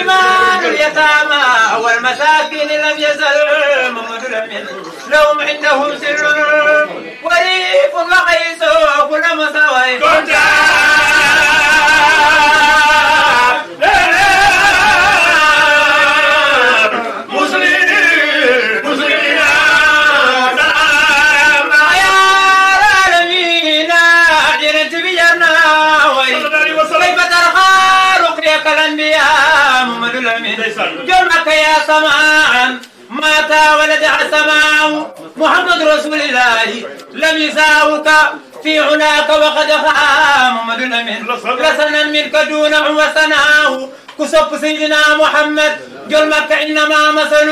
حمال اليتامى والمساكين لم يزل مظلم لهم عندهم سر وريف وقيس كل مساوي جون يا سماء مات ولدها السماء محمد رسول الله لم يساوك في هناك وقد خام محمد الامين لسنا منك دونه وسناه كسب سيدنا محمد جل مكة انما مثل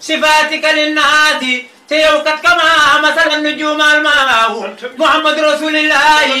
صفاتك للناس te yow kat kama masala nujuuma almaahu muhammad rasulillahi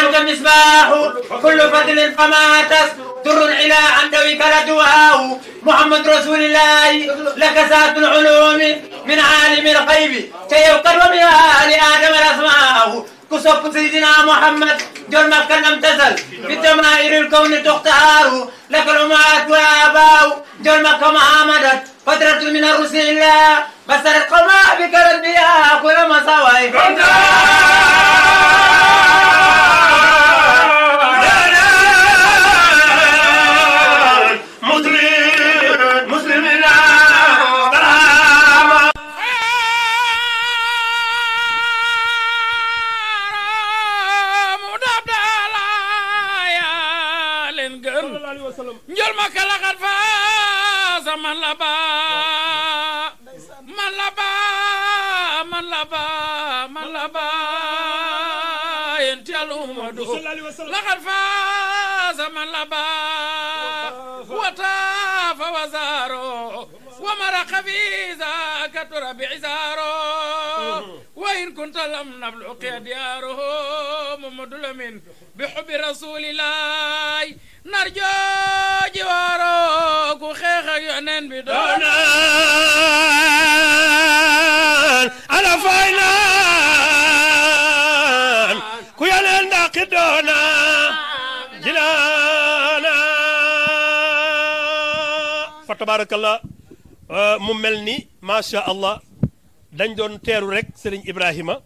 anta misbaahu kullu fadlin fama tas durun ila an dawi kala duwaahu muhammad rasulillahi laka saatul ulumi min alimi alxaybi te yow kat wa min ali adama asmaahu ku sopp sayidina muhammad jol makka lam tasal fi tamairil kawni tuxtaaru laka lumaat wa abaaw jol makka muhammadat فترة من الرسل الله بسر القوم بك ربي كل مساوي Njol ma kala xat fa Gaza man la baa man la baa man la baa man la baa yéen yàlla Muhammadu laqad faaza man la baa wa taafa wa zaaro wa maraqa fi zaakatu rabi zaaro وإن كنت لم نبلغ دياره محمد لمن بحب رسول الله نرجو جوارك وخيخ يعنين بدونا على فاينا كويا لنا جلانا فتبارك الله مملني ما شاء الله dañ doon teeru rek sëriñ Ibrahima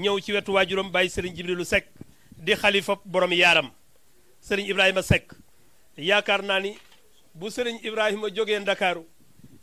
ñëw ci wetu waajuram bàyyi sëriñ Jibrilu Seck di xalifa borom yaaram sëriñ Ibrahima Seck yaakaar naa ni bu sëriñ Ibrahima jógee Ndakaaru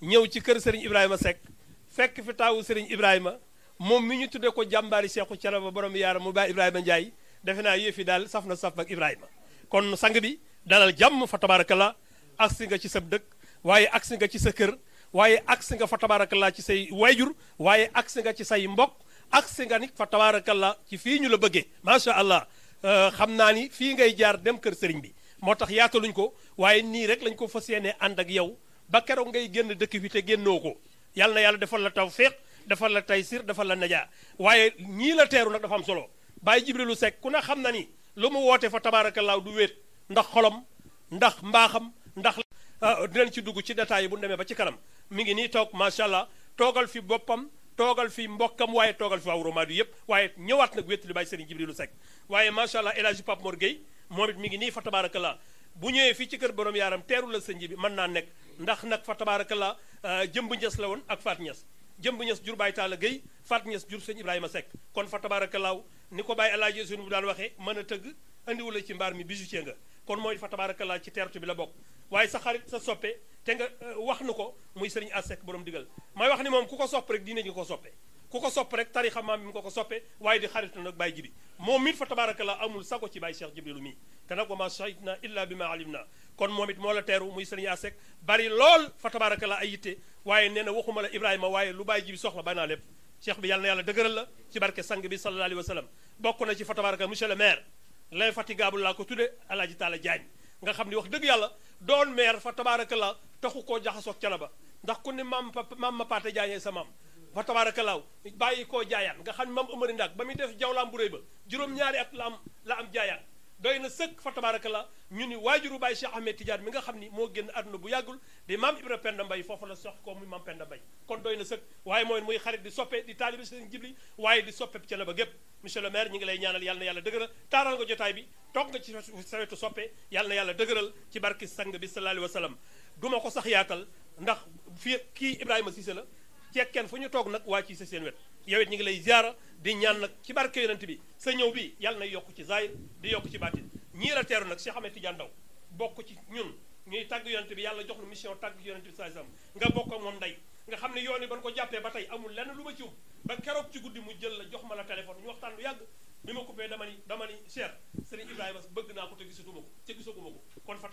ñëw ci kër sëriñ Ibrahima Seck fekk fi taawu sëriñ Ibrahima moom mi ñu tuddee ko jàmbaari Seexu Canaba borom yaaram mu baa Ibrahima Ndiaye defe naa yëf yi daal saf na saf ak Ibrahima kon sang bi dalal jàmm fa tabaarakalla agsi nga ci sab dëkk waaye agsi nga ci sa kër. waaye agsi nga fa tabaarakallaa ci say wayjur waaye agsi nga ci say mbokk agsi nga ni fa tabaarakallaa ci fii ñu la bëggee macha allah euh, xam naa ni fii ngay jaar dem kër sëriñ bi moo tax yaataluñ ko waaye nii rek lañ ko fa seenee ànd ak yow ba keroog ngay génn dëkk fi te génnoo ko yàlla na yàlla defal la taw feex defal la taysir defal la najaa waaye ñii la teeru nag dafa am solo bàyyi jibrilu sekk ku ne xam na ni lu mu wootee fa tabaarakallaa du wéet ndax xolam ndax mbaaxam ndax Ah, dinañ ci dugg ci détails yi bu ñu demee ba ci kanam mi ngi nii toog macha allah toogal fi boppam toogal fi mbokkam waaye toogal fi waa Romadou yëpp waaye ñëwaat nag wéttali bàyyi Serigne Jibrilu Seck waaye macha allah El Hadji Pape Mor Gueye moom it mi ngi nii fa tabaarakallaa bu ñëwee fii ci kër borom yaaram teeru la sëñ bi mën naa nekk ndax nag fa tabaarakallaa ah, jëmb ñes la woon ak faat ñes jëmb ñes jur Baye Talla Gueye faat ñes jur sëñ Ibrahima Seck kon fa tabaarakallaa ni ko Baye El Hadji Sunu bu waxee mën a tëgg andiwu ci mbaar mi bijoutier nga kon mooy fa tabaarakallaa ci teertu bi la bokk waaye sa xarit sa soppe te nga euh, wax nu ko muy sëriñ Asek borom digal may wax ni moom ku ko sopp rek diine ji nga ko soppe ku ko sopp rek tarixa maam bi mu ko ko soppe waaye di xaritu nag bàyyi jibi moom mit fa tabaraka la amul sago ci bàyyi Cheikh Jibrilu mii te nag wa ma shahidna illa bi ma alim na kon moom it moo la teeru muy sëriñ Asek bari lool fa tabaraka la ay yitte waaye nee na waxuma la Ibrahima waaye lu bàyyi jibi soxla bay naa lépp cheikh bi yàlla na yàlla dëgëral la ci barke sang bi sallallahu alayhi wa sallam bokk na ci fa tabaraka monsieur le maire l'infatigable laa ko tudde alaaji taala Jaañ nga xam ni wax dëgg yàlla doon meer fa tabaarakallaa taxu koo jaxasoog Thiénaba ndax ku ne maam maam ma paate jaayee sa maam fa tabaarakallaa bàyyi koo jaayaan nga xam ne maam Amari Ndaak ba muy def jawlaam bu réy ba juróom-ñaari at la am la am jaayaan doy na sëkk fa tabaraka la ñu ni waajuru Baye Cheikh Ahmed Tidiane mi nga xam ni moo génn àdduna bu yàggul di maam Ibra Penda foofu la sox ko muy maam Penda Mbay kon doy na sëkk waaye mooy muy xarit di soppe di taalibe Sëriñ Jibli waaye di soppe ca la ba gépp monsieur le maire ñu ngi lay ñaanal yàlla na yàlla dëgëral taaral nga jotaay bi toog nga ci sa wetu soppe yàlla na yàlla dëgëral ci barki sang bi sallallahu alayhi wa sallam duma ko sax yaatal ndax fii kii Ibrahima Cissé la ceeg kenn fu ñu toog nag waa ci sa seen wet yow it ñu ngi lay ziara di ñaan nag ci barke yonent bi sa ñëw bi yàlla na yokk ci zaahir di yokk ci baatin ñii la teeru nag Cheikh Ahmed Tidiane Ndao bokk ci ñun ñuy tàgg yonent bi yàlla jox nu mission tàgg ci yonent bi saa sam nga bokk moom ndey nga xam ne yoon yi ba ko jàppee ba tey amul lenn lu ma ci wut ba keroog ci guddi mu jël la jox ma la téléphone ñu waxtaan lu yàgg bi ma coupé dama ni dama ni cher Serigne Ibrahima bëgg naa ko te gisatuma ko te gisaguma ko kon fa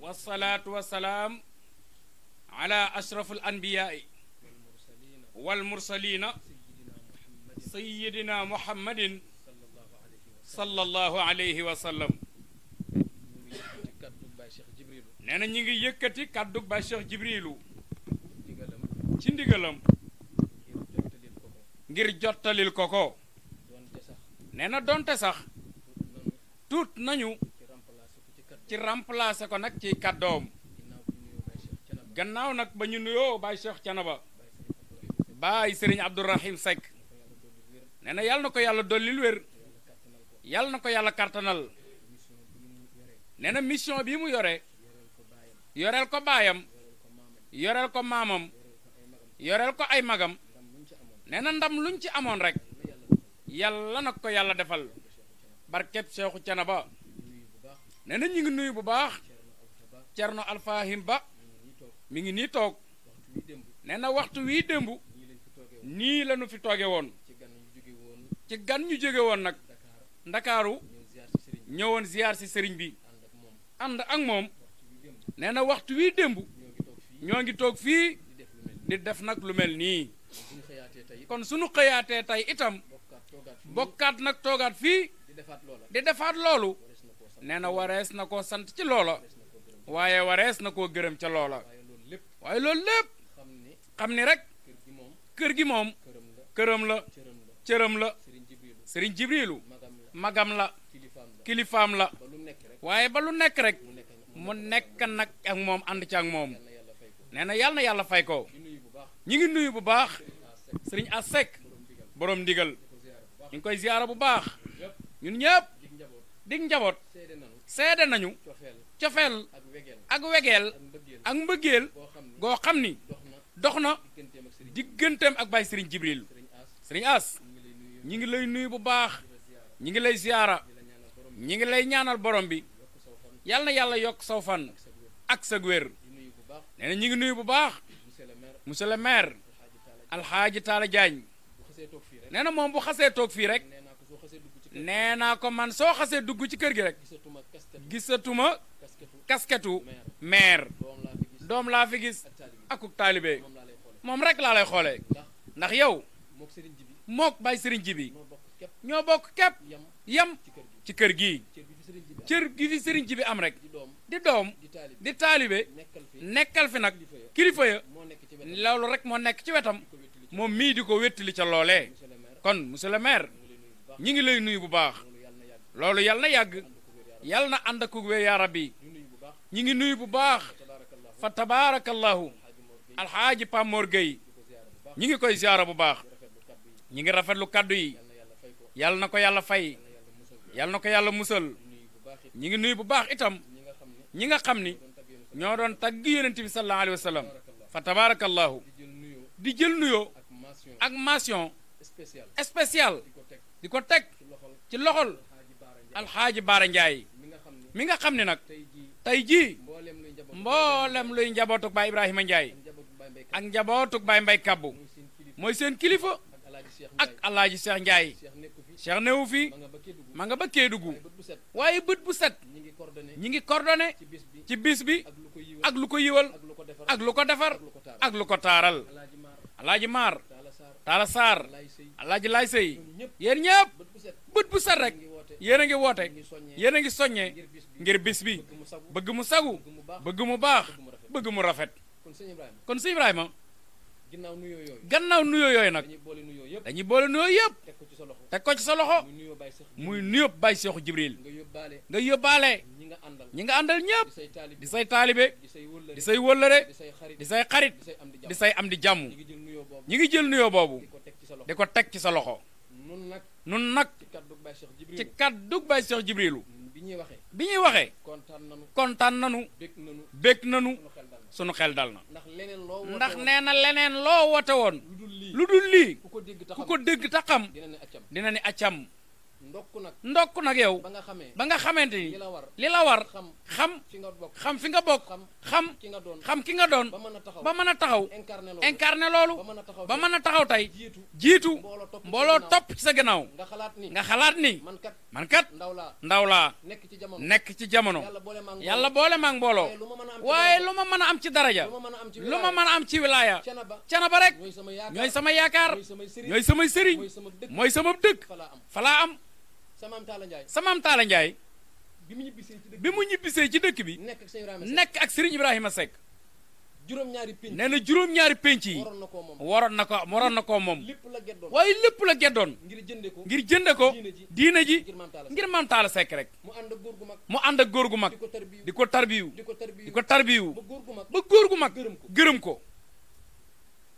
wasalaatu wasalaam ala ashrafil anbiyaai wal mursaliina sayyidina muhammadin sallallahu alayhi wa nee na ñu ngi yëkkati kàddu ba Cheikh Jibrilu ci ndigalam ngir jottalil ko ko nee na donte sax tuut nañu ci remplacer ko nag ci kàddoom gannaaw nag ba ñu nuyoo Baay Cheikh Canaba baay sëriñ abdourahim Seck nee na yàlla na ko yàlla dollil wér yàlla na ko yàlla kartanal nee na mission bii mu yore yoreel ko baayam yoreel ko maamam yoreel ko ay magam nee na ndam luñ ci amoon rek yàlla na ko yàlla defal barkeb seexu Canaba nee na ñu ngi nuyu bu baax Cerno Alfahim Ba mi ngi nii toog nee waxtu wii démb nii la ñu fi tooge woon ci gan ñu jóge woon nag ndakaaru ñëwoon ziyaar si sëriñ bi ànd ak moom nee na waxtu wi démb ñoo ngi toog fii di def nag lu mel nii kon suñu xëyaatee tey itam bokkaat nag toogaat fii di defaat loolu nee na warees na koo sant ci loola waaye warees na koo gërëm ca loola waaye loolu lépp xam ni rek kër gi moom këram la cëram la sëriñ jibrilu magam la kilifaam la waaye ba lu nekk rek mu nekk nag ak moom ànd ci ak moom nee na yàlla na yàlla fay ko ñi ngi nuyu bu baax sëriñ Asek borom ndigal ñu koy ziyaara bu baax ñun ñëpp dig njaboot seede nañu cofeel ak wegeel ak mbëggeel goo xam ni dox na digganteem ak Baye Serigne Jibril Serigne As ñi ngi lay nuyu bu baax ñi ngi lay ziyaara ñi ngi lay ñaanal borom bi yàlla na yàlla yokk saw fan ak sa wér nee na ñi ngi nuyu bu baax monsieur le maire alxaaji Taala Jaañ nee na moom bu xasee toog fii rek nee naa ko man soo xasee dugg ci kër gi rek gisatuma kasketu maire doom laa fi gis akuk taalibe moom rek laa lay xoolee. ndax yow. mook Serigne Jibi mook Baye Serigne Jibi ñoo bokk képp yam ci kër gii. cër gi fi Serigne Jibi am rek. di doom di taalibe nekkal fi nag kilifa ya loolu rek moo nekk ci wetam moom mii di ko wéttali ca loolee. kon monsieur le maire ñi ngi lay nuyu bu baax loolu yàlla na yàgg yàlla na ànd ak wér yaara bi ñi ngi nuyu bu baax fa tabaarakallahu alxaaji Pam Mor Gueye ñi ngi koy ziyaara bu baax ñi ngi rafetlu kàddu yi yàlla na ko yàlla fay yàlla na ko yàlla musal ñi ngi nuyu bu baax itam ñi nga xam ni ñoo doon tagg yonent bi sallallahu alayhi wa sallam fa tabaarakallahu di jël nuyoo ak mention spéciale di ko teg ci loxol alxaaji Baara Ndiaye mi nga xam ni nag tey jii mboolem luy njabootu Baay Ibrahima Ndiaye ak njabootug Baye Mbaye Kabbu mooy seen kilifa ak alaaji Cheikh Ndiaye Cheikh newu fi ma nga ba Kédougou waaye bët bu set ñi ngi coordonné ci bis bi ak lu ko yiwal ak lu ko defar ak lu ko taaral alaaji Maar Talla Sarr alaaji Laay Sey yéen ñëpp bët bu set rek yéen a ngi woote yéen a ngi soññee ngir bis bi bëgg mu sagu bëgg mu baax bëgg mu rafet kon sëñ Ibrahima kon sëñ Ibrahima. gannaaw nuyoo yooyu gannaaw nuyoo yooyu nag dañuy boole nuyoo yëpp dañuy boole nuyoo yëpp teg ko ci sa loxo teg ko ci sa loxo muy nuyoo Baye Seexu Jibril nga yóbbaale nga yóbbaale ñi nga àndal ñi nga àndal ñëpp di say taalibe di say wëllëre di say xarit di say am di jàmm ñi ngi jël nuyoo boobu di ko teg ci sa loxo nun nag nun nag ci kàddug Baye Seexu Jibrilu bi ñuy waxee bi ñuy waxee kontaan nanu kontaan nanu bég nanu sunu xel dal na ndax nee na leneen loo wote woon lu dul lii ku ko dégg ta xam dina ni accam ndokk nag ndokk nag yow ba nga xamee ba nga xamante ni li la war xam xam fi nga bokk xam xam ki nga doon ba mën a taxaw incarné loolu ba mën a taxaw tey jiitu mbooloo topp ci sa gannaaw nga xalaat ni man kat ndaw laa nekk ci jamono yàlla boole maa ngi mbooloo waaye lu ma mën a am ci daraja lu ma mën a am ci wilaaya cana ba rek ñooy sama yaakaar ñooy samay sëriñ mooy sama dëkk falaa am samaam Talla Ndiaye samaam Talla Ndiaye bi mu ñibbisee ci dëkk bi mu ñibbisee ci dëkk nekk ak Serigne Ibrahima Seck juróom-ñaari penc nee na juróom-ñaari penc yi waroon na koo moom waroon na ko waroon na koo moom lépp la geddoon waaye lépp la geddoon ngir jënde ko ngir jënde ko diina ji ngir maam Talla sekk rek mu ànd ak góor gu mag mu ànd ak góor gu mag di ko tarbiyu di ko tarbiyu di ko tarbiyu ba góor gu mag gërëm ko gërëm ko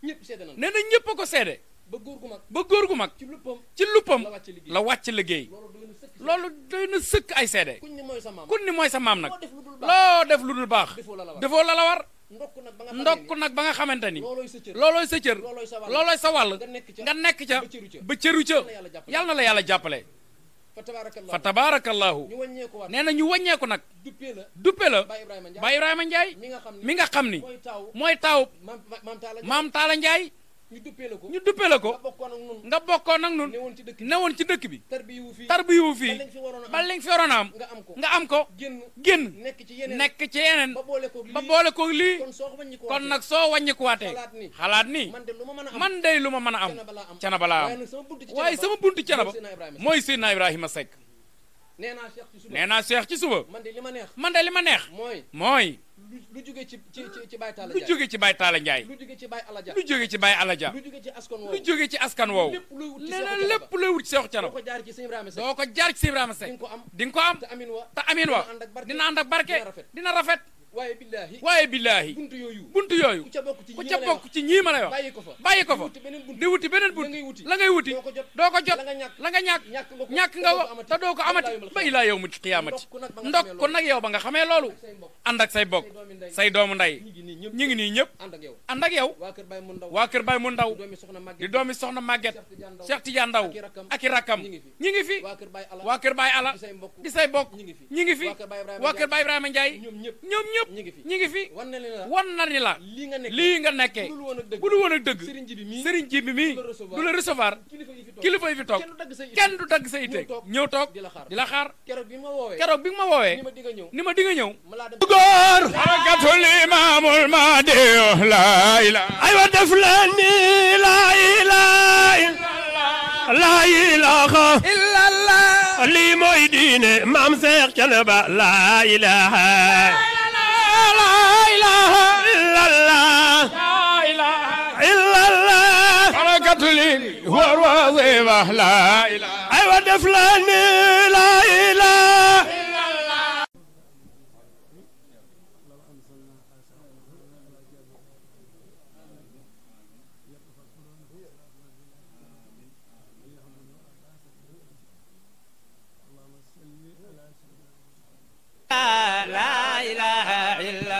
ñëpp na nee na ñëpp ko seede ba góor gu mag ba góor gu mag. ci luppam ci luppam la wàcc liggéey. loolu doy na sëkk ay seede. kun ni mooy sa maam kun mooy sa maam nag. loo def lu dul baax defoo la la war. ndokk nag ba nga xamante ni loolooy sa cër loolooy sa wàll nga nekk ca ba cëru ca yàlla na la yàlla jàppale fa tabaarakallaahu nee na ñu wàññeeku nag duppe la ba Ibrahima Njaay mi nga xam ni mooy taaw maam Taala Njaay ñu duppee la ko ñu duppee la ko nga bokkoon ak nun newoon ci dëkk bi tarbiyu fii ba li nga fi waroon a am nga am ko génn nekk ci yeneen ba boole ko lii kon nag soo wàññikuwaatee xalaat ni man dey lu ma mën a am cana balaa am waaye sama buntu cana ba mooy Seydina Ibrahima Seck ne naa Cheikh ci suba man de li ma neex mooy mooy lu jóge ci ci ci Baye Talla Ndiaye lu jóge ci Baye Talla Ndiaye lu jóge ci Baye Alaja lu jóge ci Baye Alaja lu jóge ci askan woowu lu jóge ci Seexu Canam boo ko jaar ci Sëñ Ibrahima Seck boo ko jaar ci Sëñ Ibrahima Seck di nga ko am di nga ko am te amin wa dina ànd ak barke dina rafet waaye billaahi waaye billaahi buntu yooyu buntu yooyu ku ca bokk ci ñii ma lay wax bàyyi ko fa bàyyi ko fa di wuti beneen bunt la ngay wuti doo ko jot la nga ñàkk ñàkk nga wa te doo ko amati ba ilaa yow mu xiyaamati ko nag yow ba nga xamee loolu ànd ak say bokk say doomu ndey ñu ngi nii ñëpp ànd ak yow waa kër Baye mu ndaw di doomi soxna Maguette Cheikh Tidiane Ndaw ak i rakkam ñi ngi fi waa kër Baye ala di say bokk ñi ngi fi waa kër Baye Ibrahima Ndiaye ñoom ñëpp yëpp ñi ngi fi ñi ngi fi wan na ni la na la lii nga nekkee bu dul woon ak dëgg sëriñ ji bi mii du la recevoir kilifa yi fi toog kenn du dagg sa ite ñëw toog di la xaar keroog bi nga ma woowee ni ma di nga ñëw góor harakatul imaamul mahdi laa ilaa aywa def leen ni laa ilaa laa ilaaha illallah lii mooy diine maam Seex Canaba laa ilaaha لا إله أيوة دفلاني لا إله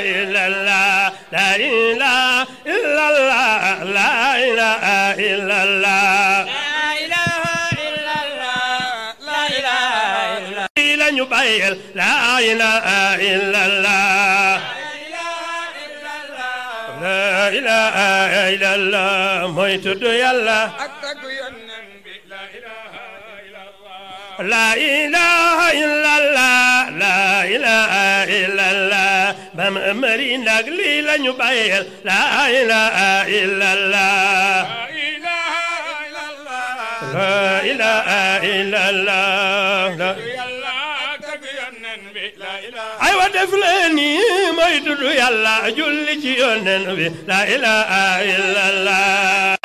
إلا الله لا إله إلا الله لا إله إلا الله لا إله إلا الله لا إله إلا الله لا إله إلا الله لا إله إلا الله ما يتدو يلا لا إله إلا الله لا إله إلا الله بام مري نغلي لا نبايل لا إله إلا الله لا إله إلا الله لا إله إلا الله aywa def leen nii mooy tudd yàlla julli ci yónneen bi la ilaha illallah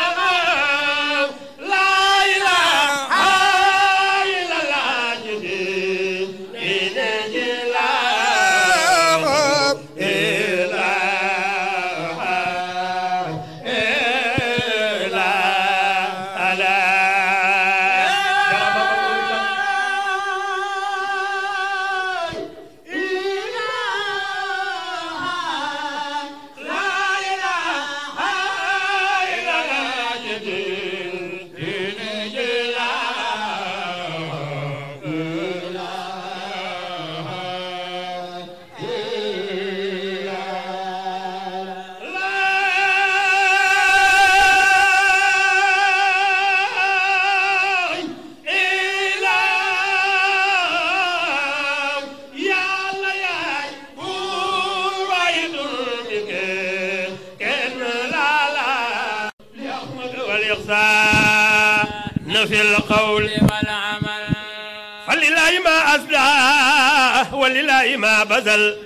ما بذل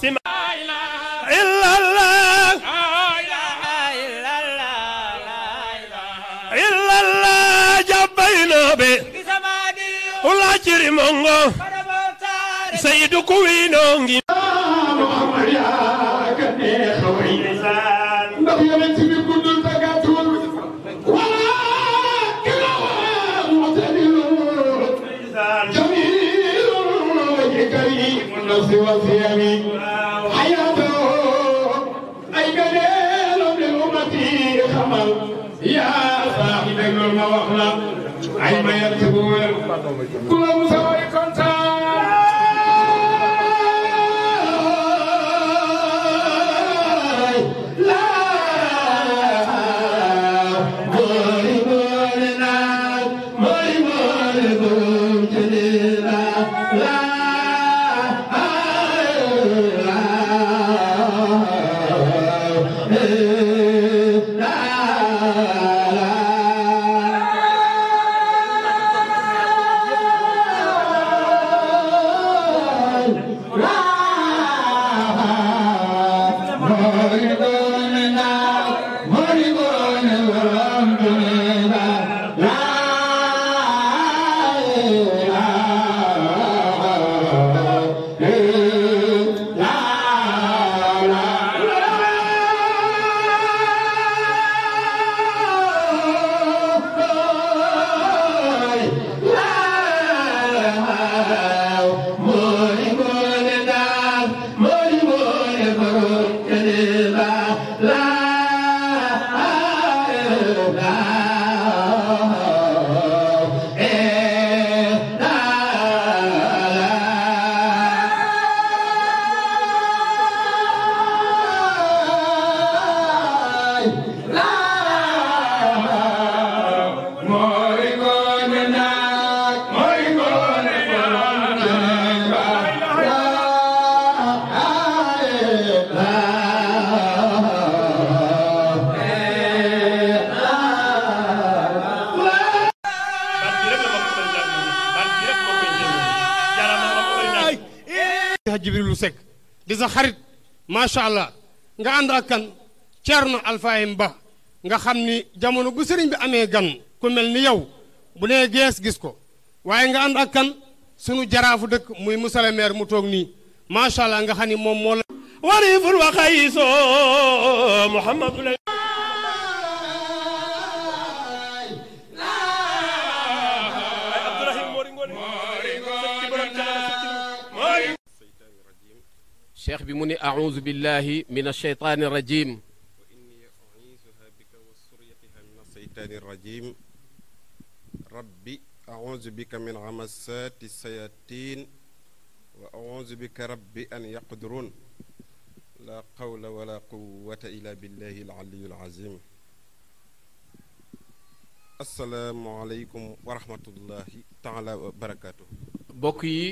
سما إلا الله إلا الله جبينا به ولا جري مونغو سيد كوينونغي والثياب حياته أي قليل للأمة خمل يا صاحب الموحلة أي ما يكتبون كل مسوي macha allah nga ànd ak kan Thierno Alfayim Ba nga xam ni jamono bu sëriñ bi amee gan ku ni yow bu nee gees gis ko waaye nga ànd ak kan sunu jaraafu dëkk muy monsieur le mu toog nii macha allah nga xam ni moom moo la wariful waxay soo cheikh bi mu ni auzu billahi min alcheytaani rajim wa inni auzuha bika wa suriyatiha min alcheytaani rajim rabbi auzu bika min amasati sayatin wa auzu bika rabbi an yaqdurun la qawla wala quwata illa billahi alaliyu alazim asalaamualeykum wa rahmatullahi taala wa barakatuhu bokk yi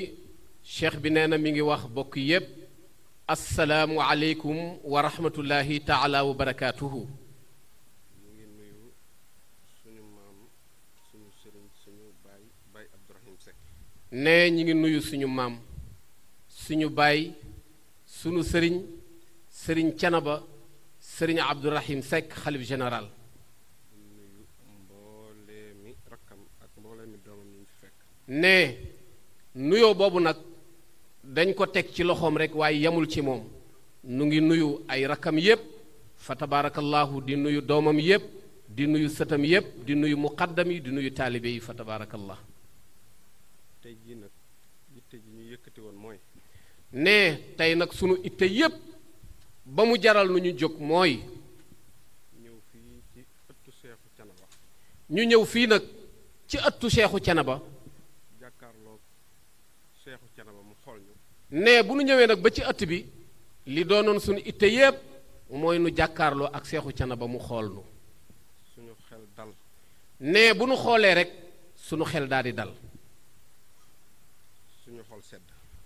cheikh bi nee na mi ngi wax bokk yépp asalaamu aleykum wa rahmatullahi taala wa barakaatuhu. ñu ngi nuyu suñu maam suñu baay suñu sëriñ sëriñ Canaba sëriñ Abdourahim Seck xalif général ne nuyoo boobu nag dañ ko teg ci loxoom rekk waaye yamul ci moom nu ngi nuyu ay rakkam yépp fa tabaarakallaahu di nuyu doomam yépp di nuyu sëtam yépp di nuyu muqaddam yi di nuyu taalibe yi fa tabaarakallah tey jii nag itte ji ñu yëkkati woon mooy ne tey nag sunu itte yépp ba mu jaral nu ñu jóg mooy ñëw ñu ñëw fii nag ci ëttu seexu ba ne bu nu ñëwee nag ba ci ëtt bi li doonoon suñu itte yépp mooy nu jàkkaarloo ak seexu ba mu xool nu suñu xel dal ne bu nu xoolee rek suñu xel daal di dal suñu xol sedd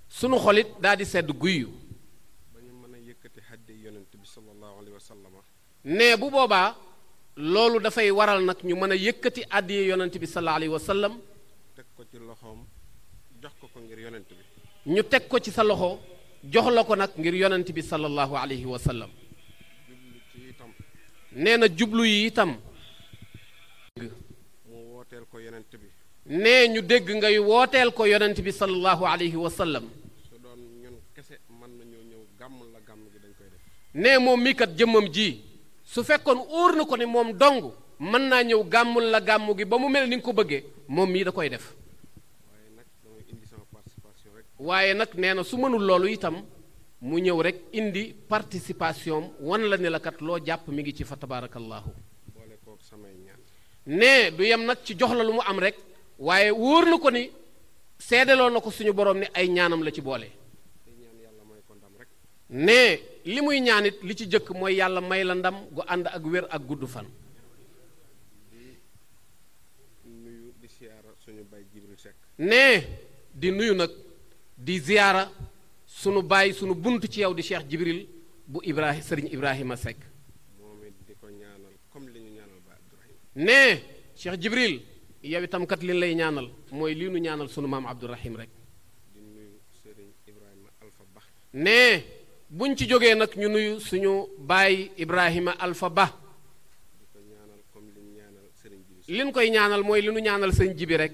suñu xol it daal di sedd guyyu ba ñu mën a yëkkati xaddi yonent bi sallallahu alayhi nee bu boobaa loolu dafay waral nag ñu mën a yëkkati àddiye yonent bi sallallahu alayhi sallam teg ko ci loxoom jox ko ko ngir yonent bi ñu teg ko ci sa loxo jox la ko nag ngir yonent bi sallallahu alayhi wa sallam nee na jublu yi itam nee ñu dégg ngay wooteel ko yonent bi sallallahu alayhi wa def nee moom mii kat jëmmam ji su fekkoon óor na ko ne moom dong mën naa ñëw gàmmul la gàmmu gi ba mu mel ni nga ko bëggee moom mii da koy def waaye nag nee na su mënul loolu itam mu ñëw rek indi participation wan la ne lakat loo jàpp mi ngi ci fa tabaarakallaahu ne du yem nag ci jox la lu mu am rek waaye wóor na ko ni seedeloo na ko suñu borom ni ay ñaanam la ci boole ne li muy ñaanit li ci jëkk mooy yàlla may la ndam gu ànd ak wér ak gudd fan ne di nuyu nag di ziyaara sunu bàyyi sunu bunt ci yow di Cheikh Jibril bu Ibrahima sëriñ Ibrahima Seck ne Cheikh Jibril yow itam kat li lay ñaanal mooy lii nu ñaanal sunu maam Abdourahim rek ne buñ ci jógee nag ñu nuyu suñu baay Ibrahima Alpha Ba liñ koy ñaanal mooy li ñaanal sëñ Jibi rek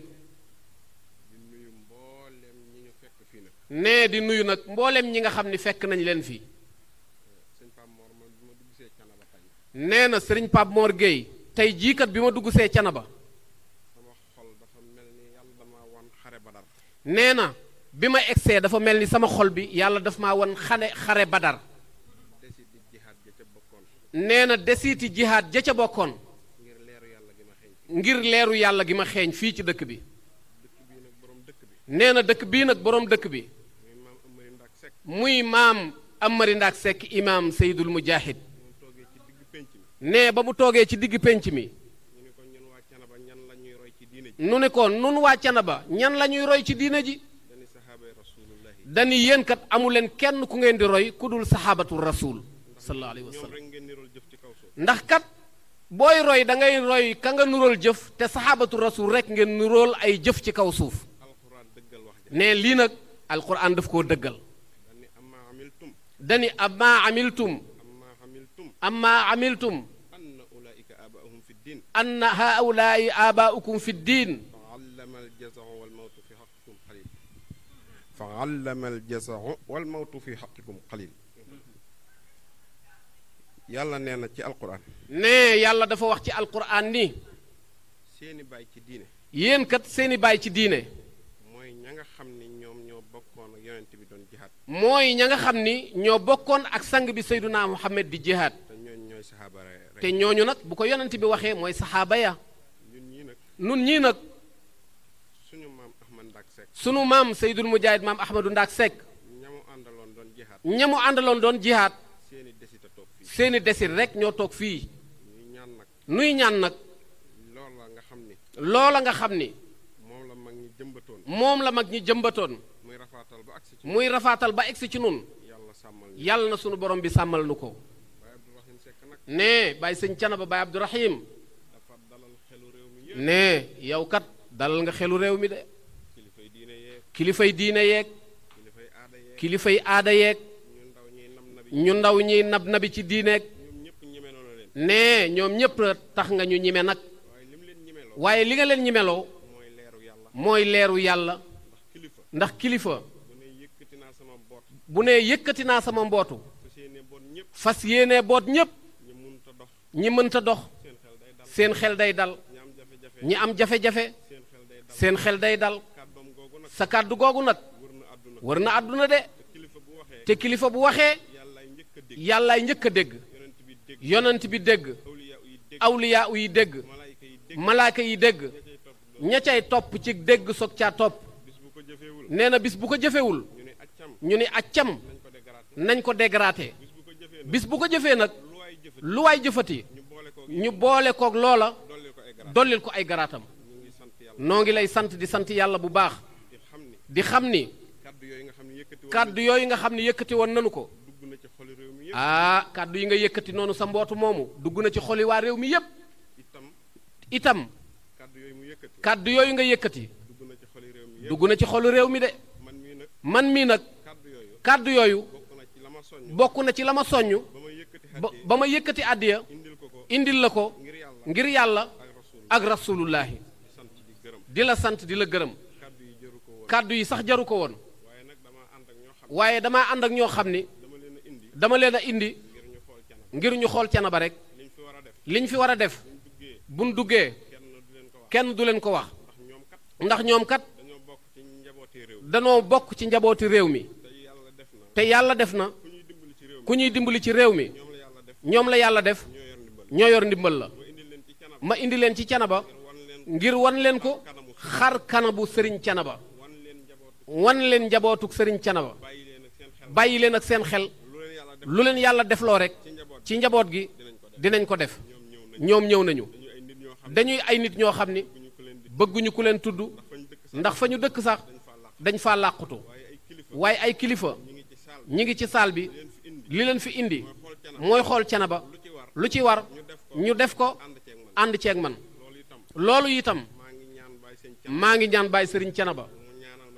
nee di nuyu nag mboolem ñi nga xam ni fekk nañ leen fii nee na sëriñ Pape Mor tey jiikat bi ma dugg see Canaba nee na bi ma egsee dafa mel ni sama xol bi yàlla dafa ma wan xane xare ba badar nee na desiiti jihaad ja ca bokkoon ngir leeru yàlla gi ma xeeñ fii ci dëkk bi nee na dëkk bii nag boroom dëkk bi muy maam Amari Ndaak sekk imaam Seydul Mujahid ne ba mu toogee ci digg pénc mi nu ne ko nun waa ba ñan la ñuy roy ci diine ji dañu yéen kat amu leen kenn ku ngeen di roy ku dul saxaabatul rasul sallallahu alayhi wa sallam ndax kat booy roy da ngay roy ka nga nurool jëf te saxaabatul rasuul rek ngeen nurool ay jëf ci kaw suuf ne lii nag alquran daf koo dëggal dani amma amiltum amma amiltum anna haulaai abaaukum fi ddin fa allama aljazau walmawtu fi xaqikum qalil yàlla nee na ci alquran nee yàlla dafa wax ci alquran ni seeni baay ci diine yéen kat seeni baay ci diine mooy ña nga xam ni ñoo bokkoon ak sang bi naa muhammad di jihaad te ñooñu nag bu ko yonent bi waxee mooy saxaaba ya nun ñii nag sunu maam saydul mujaahid maam ahmadu ndaak sekk ña mu àndaloon doon jihaad seeni desir rek ñoo toog fii nuy ñaan nag loola nga xam ni moom la mag ñi jëmbatoon muy rafaatal ba egsi ci nun yàlla na sunu borom bi sàmmal nu ko ne bàyyi sëñ Canaba bàyyi Abdourahim ne yow kat dalal nga xelu réew mi de kilifay diine yeeg kilifay aada yeeg ñu ndaw ñiy nab nabi ci diineeg ne ñoom ñépp tax nga ñu ñime nag waaye li nga leen ñimeloo mooy leeru yàlla ndax kilifa bu nee yëkkati naa sama mbootu fas yéenee boot ñépp ñi mënta dox seen xel day dal ñi am jafe-jafe seen xel day dal sa kàddu googu nag wër na àdduna de te kilifa bu waxee yàllaay njëkk a dégg yonent bi dégg awliyaa yi dégg malaaka yi dégg ña topp ci dégg soog caa topp nee na bis bu ko jëfewul ñu ni accam nañ ko dégraté bis bu ko jëfee nag lu waay jëfati ñu boole kook loola dollil ko ay garaatam noo ngi lay sant di sant yàlla bu baax di xam ni kàddu yooyu nga xam ne yëkkati woon nanu ko ah kàddu yi nga yëkkati noonu sa mbootu moomu dugg na ci xoli waa réew mi yépp itam kàddu yooyu nga yëkkati dugg na ci xolu réew mi de man mii nag kàddu yooyu bokk na ci la ma soññ ba ma yëkkati àddiya indil la ko ngir yàlla ak rasulullahi di la sant di la gërëm kàddu yi sax jaru ko woon waaye damaa ànd ak ñoo xam ni dama leen a indi ngir ñu xool cana ba rek liñ fi war a def buñ duggee kenn du leen ko wax ndax ñoom kat dañoo bokk ci njabooti réew mi te yàlla def na ku ñuy dimbali ci réew mi ñoom la yàlla def ñoo yor ndimbal la ma indi leen ci canaba ngir wan leen ko xar kanabu sëriñ canaba wan leen njabootuk sëriñ canaba bàyyi leen ak seen xel lu leen yàlla defloo rek ci njaboot gi dinañ ko def ñoom ñëw nañu dañuy ay nit ñoo xam ni bëgguñu ku leen tudd ndax fa ñu dëkk sax dañ faa làqutu waaye ay kilifa ñi ngi ci saal bi li leen fi indi mooy xool cana ba lu ci war ñu def ko ànd ceeg man loolu itam maa ngi ñaan bàyyi sëriñ cana canaba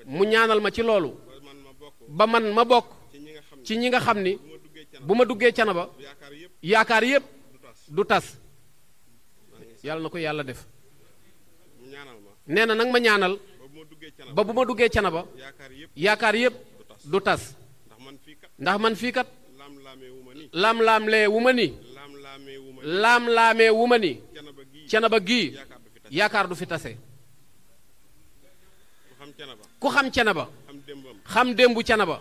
mu ñaanal ma ci loolu ba man ma bokk ci ñi nga xam ni bu ma duggee cana canaba yaakaar yépp du tas yàlla na ko yàlla def nee na nag ma ñaanal ba bu ma duggee ba yaakaar yépp du tas ndax man fii kat laam-laamlee wu ma ni laam-laamee wu ma ni canaba gii yaakaar du fi tase ku xam canaba xam démbu canaba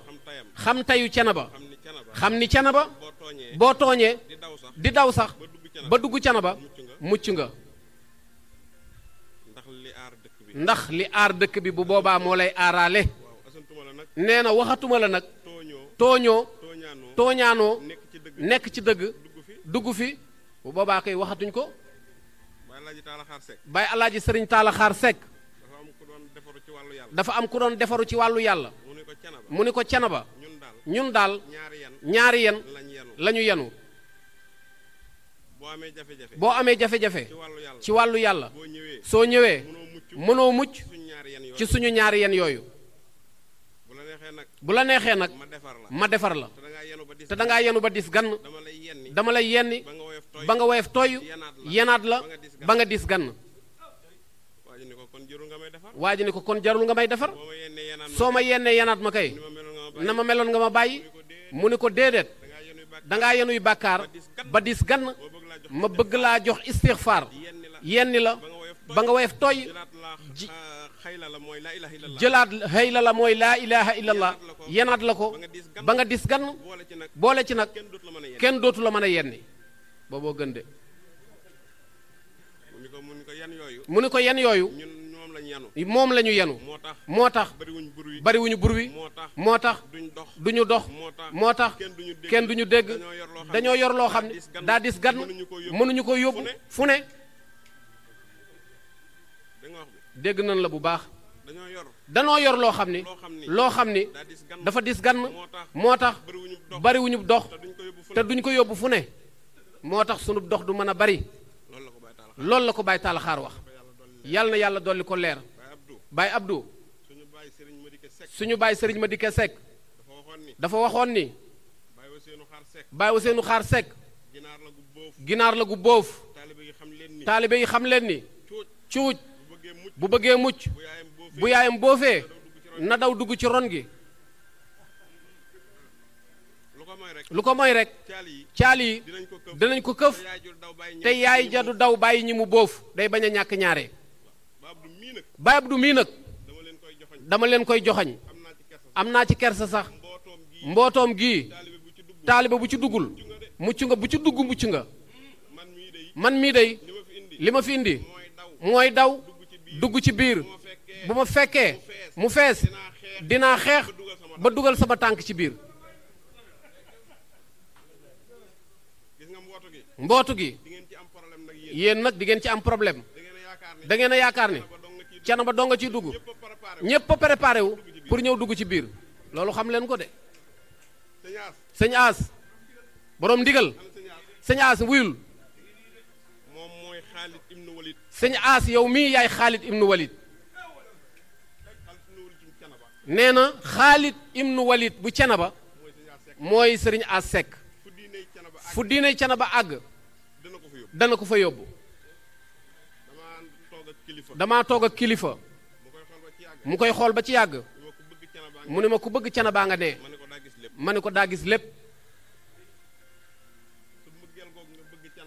xam tayu canaba xam ni canaba boo tooñee di daw sax ba dugg canaba mucc nga ndax li aar dëkk bi bu boobaa moo lay aaraale nee na waxatuma la nag tooñoo tooñaanoo nekk ci dëgg dugg fi bu boobaa koy waxatuñ ko bay alaaji sëriñ taala xaar sekk dafa am ku doon defaru ci wàllu yàlla mu ni ko canaba ñun daal ñaari yen lañu yenu boo amee jafe-jafe ci wàllu yàlla soo ñëwee mënoo mucc ci suñu ñaari yen yooyu bu la neexee nag ma defar la te da ngaa yenu ba dis gann dama lay yenni ba nga woyof tooy yenaat la ba nga dis gann waa ji ni ko kon jarul nga may defar soo ma yennee yenaat ma kay na ma meloon nga ma bàyyi mu ne ko déedéet dangaa yenuy bàkkaar ba dis gann ma bëgg laa jox istixfaar yenni la ba nga woyof tooy ji ah, jëlaat xayla la mooy laa ilaha illallah yenaat la ko ba nga dis gan boole ci nag kenn dootu la mën a yenni booboo gën de mu ni ko yen yooyu moom la ñu yenu moo tax bariwuñu bur moo tax duñu dox moo tax kenn duñu dégg dañoo yor loo xam ne daa dis gan mënuñu ko yóbbu fu ne dégg nañ la bu baax danoo yor loo xam ni loo xam ni dafa dis gann moo tax bariwuñu dox te duñ ko yóbbu fu ne moo tax sunu dox du mën a bari loolu la ko Baye Talla Xaar wax yàlla na yàlla dolli ko leer Baye Abdou suñu Baye Sëriñ Madike Seck dafa waxoon ni Baye Ousseynou Xaar Seck ginaar la gu boof taalibe yi xam leen ni cuuj bu bëggee mucc bu yaayam boofee na daw dugg ci ron gi lu ko mooy rek caal yi dinañ ko këf te yaay ja du daw bàyyi ñi mu boof day bañ a ñàkk ñaare baay Abdu mii nag dama leen koy joxañ am naa ci kersa sax mbootoom gii taaliba bu ci duggul mucc nga bu ci dugg mucc nga man mii day li ma fi indi mooy daw dugg ci biir bu ma fekkee mu fees dinaa xeex ba dugal sama tànk ci biir mbootu gi yéen nag di ngeen ci am problème da ngeen a yaakaar ne na ba donga ciy dugg ñépp a préparé wu pour ñëw dugg ci biir loolu xam leen ko de sëñ As borom ndigal sëñ As wuyul sëñ aas yow mii yaay xaalid ibnu walid nee na xaalid ibnu walid bu Cenaba mooy sëriñ aas sekk fu diiney Cenaba àgg dana ko fa yóbbu damaa toog ak kilifa mu koy xool ba ci yàgg mu ne ma ku bëgg baa nga ne ma ne ko daa gis lépp